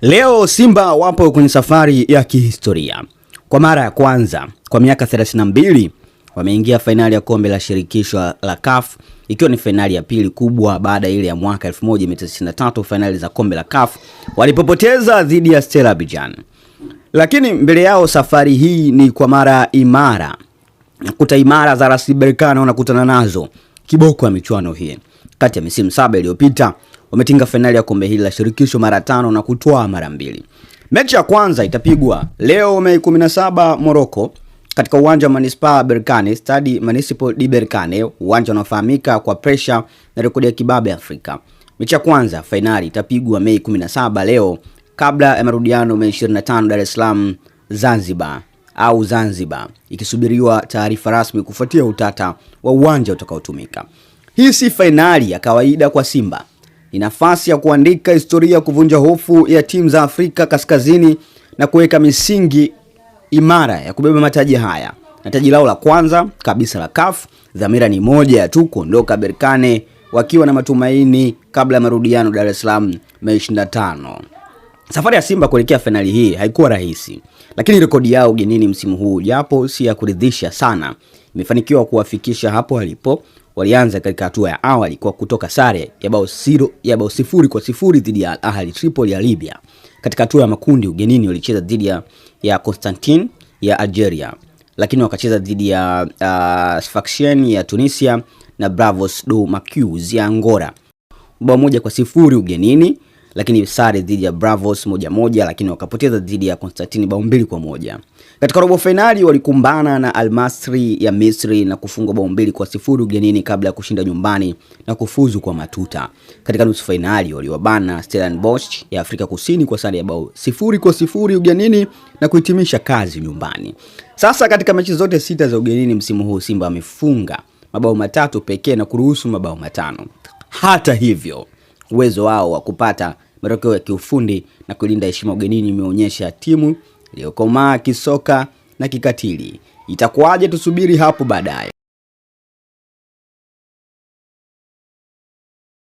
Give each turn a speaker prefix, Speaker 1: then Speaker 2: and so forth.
Speaker 1: Leo Simba wapo kwenye safari ya kihistoria. Kwa mara ya kwanza kwa miaka 32 wameingia fainali ya kombe la shirikisho la CAF ikiwa ni fainali ya pili kubwa baada ile ya mwaka 1993 fainali za kombe la CAF walipopoteza dhidi ya Stella Abidjan. Lakini mbele yao safari hii ni kwa mara imara. kuta imara za RS Berkane wanakutana nazo kiboko ya michuano hii kati ya misimu saba iliyopita wametinga fainali ya kombe hili la shirikisho mara tano na kutwaa mara mbili. Mechi ya kwanza itapigwa leo Mei 17 Morocco katika uwanja wa Manispaa Berkane, Stadi Municipal di Berkane, uwanja unaofahamika kwa presha na rekodi ya kibabe Afrika. Mechi ya kwanza fainali itapigwa Mei 17 leo kabla ya marudiano Mei 25 Dar es Salaam Zanzibar au Zanzibar, ikisubiriwa taarifa rasmi kufuatia utata wa uwanja utakaotumika. Hii si fainali ya kawaida kwa Simba. Ni nafasi ya kuandika historia, kuvunja hofu ya timu za Afrika Kaskazini na kuweka misingi imara ya kubeba mataji haya na taji lao la kwanza kabisa la CAF. Dhamira ni moja ya tu, kuondoka Berkane wakiwa na matumaini kabla ya marudiano Dar es Salaam Mei 25. Safari ya Simba kuelekea fainali hii haikuwa rahisi, lakini rekodi yao ugenini msimu huu japo si ya kuridhisha sana, imefanikiwa kuwafikisha hapo walipo. Walianza katika hatua ya awali kwa kutoka sare ya bao sifuri, ya bao sifuri kwa sifuri dhidi ya Al Ahli Tripoli ya Libya. Katika hatua ya makundi ugenini walicheza dhidi ya constantin ya Algeria, lakini wakacheza dhidi ya uh, Sfaxien ya Tunisia na Bravos do Maquis ya Angola bao moja kwa sifuri ugenini lakini sare dhidi ya Bravos moja moja, lakini wakapoteza dhidi ya Constantine bao mbili kwa moja. Katika robo fainali walikumbana na Almasri ya Misri na kufungwa bao mbili kwa sifuri ugenini kabla ya kushinda nyumbani na kufuzu kwa matuta. Katika nusu fainali waliwabana Stellenbosch ya Afrika Kusini kwa sare ya bao sifuri kwa sifuri ugenini na kuhitimisha kazi nyumbani. Sasa katika mechi zote sita za ugenini msimu huu Simba amefunga mabao matatu pekee na kuruhusu mabao matano. Hata hivyo uwezo wao wa kupata matokeo ya kiufundi na kulinda heshima ugenini imeonyesha timu iliyokomaa kisoka na kikatili. Itakuwaje? Tusubiri hapo baadaye.